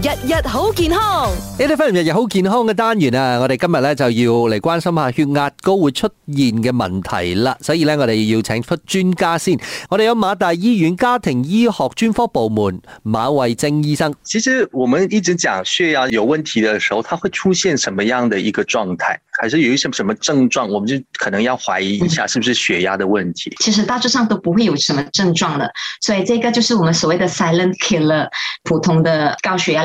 日日好健康，呢啲分日日好健康嘅單元啊！我哋今日咧就要嚟關心下血壓高會出現嘅問題啦。所以咧，我哋要請出專家先。我哋有馬大醫院家庭醫學專科部門馬慧貞醫生。其實我們一直講血壓有問題嘅時候，它會出現什麼樣的一個狀態，還是有一些什麼症狀，我們就可能要懷疑一下，是不是血壓的問題。嗯，其實大致上都不會有什麼症狀嘅，所以這個就是我們所謂的 silent killer，普通的高血壓。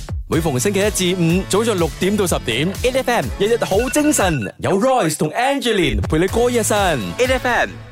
每逢星期一至五，早上六點到十點，8FM，日日好精神，有 Royce 同 Angeline 陪你過一晨 8FM。8FM。